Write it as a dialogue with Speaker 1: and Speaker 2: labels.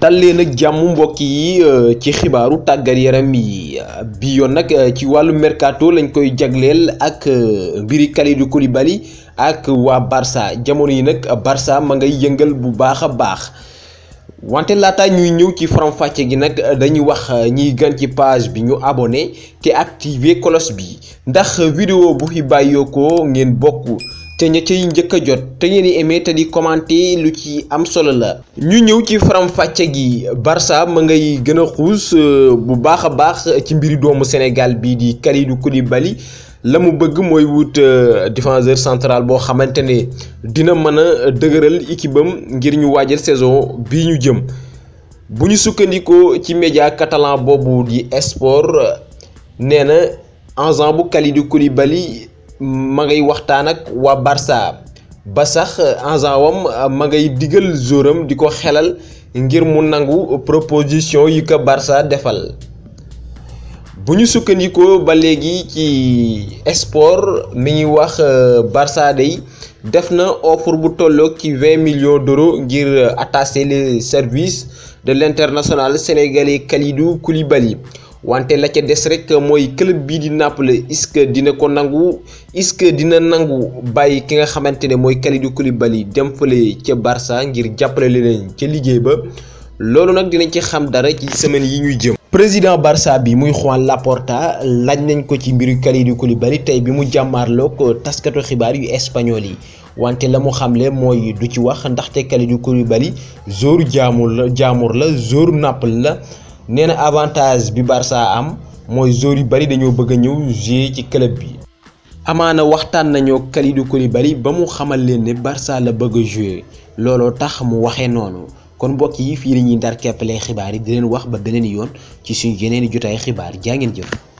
Speaker 1: dal leen jàmm mbokk yi euh, ci xibaaru tàggat yaram yi bi yoon nag euh, ci wàllu mercato lañ koy jagleel ak euh, mbiri Kalidou Koulibaly ak waa Barça jamono yi nag Barça ma ngay yëngal bu baax a baax wante laata ñuy ñëw ci faram-fàcce gi nag dañuy wax ñiy gan ci page bi ñu abonné te activer cloche bi ndax vidéo bu fi bàyyeekoo ngeen bokk te ci cay njëkk a jot te ngeen di aimé te di commenté lu ci am solo la ñu ñëw ci faramfàcce gi Barça ma ngay gën a xuus euh, bu baax a baax ci mbiri doomu Sénégal bii di Kalidou bali la mu bëgg mooy wut euh, diffenseur centrale boo xamante ne dina mën a dëgëral équipe ngir ñu waajal saison bii ñu jëm bu ñu sukkandikoo ci média catalan boobu di sport euh, nee na agent bu Kalidou Koulibaly ma ngay waxtaan ak waa barsa ba sax euh, agent wam euh, ma ngay digal joram di ko xelal ngir mu nangu proposition yi ko barsa defal bu ñu sukkandikoo ba léegi ci sport mi ngi wax euh, Barça day def na offre bu tolloog ci vingt millions d'euros ngir attacher les services de l'international sénégalais Kalidou Koulibaly wante la ca des rek mooy club bii di Napoli est-ce que dina ko nangu est-ce que dina nangu bàyyi ki nga xamante ne mooy Kalidou Koulibaly dem fële ca Barça ngir jàppale leen ca liggéey ba loolu nag dinañ ci xam dara ci semaine yi ñuy jëm. président barsa bi muy Juan Laporta laaj nañ ko ci mbiru Kalidou Koulibaly tey bi mu loo ko taskatu xibaar yu espagnol yi. wante la mu xamle mooy du ci wax ndaxte Kalidou Koulibaly jour jaamur la jaamur la jour Naples la nee na avantage bi Barça am mooy joueurs yu bari dañoo bëgg a ñëw jouer ci club bi. amaana waxtaan nañoo Kalidou bari ba mu xamal leen ne Barça la bëgg a looloo tax mu waxee noonu kon mbokk yi fii la ñuy ndar keppalee xibaar yi di leen wax ba beneen yoon ci suñu yeneen i jotaay xibaar jaa ngeen jëf.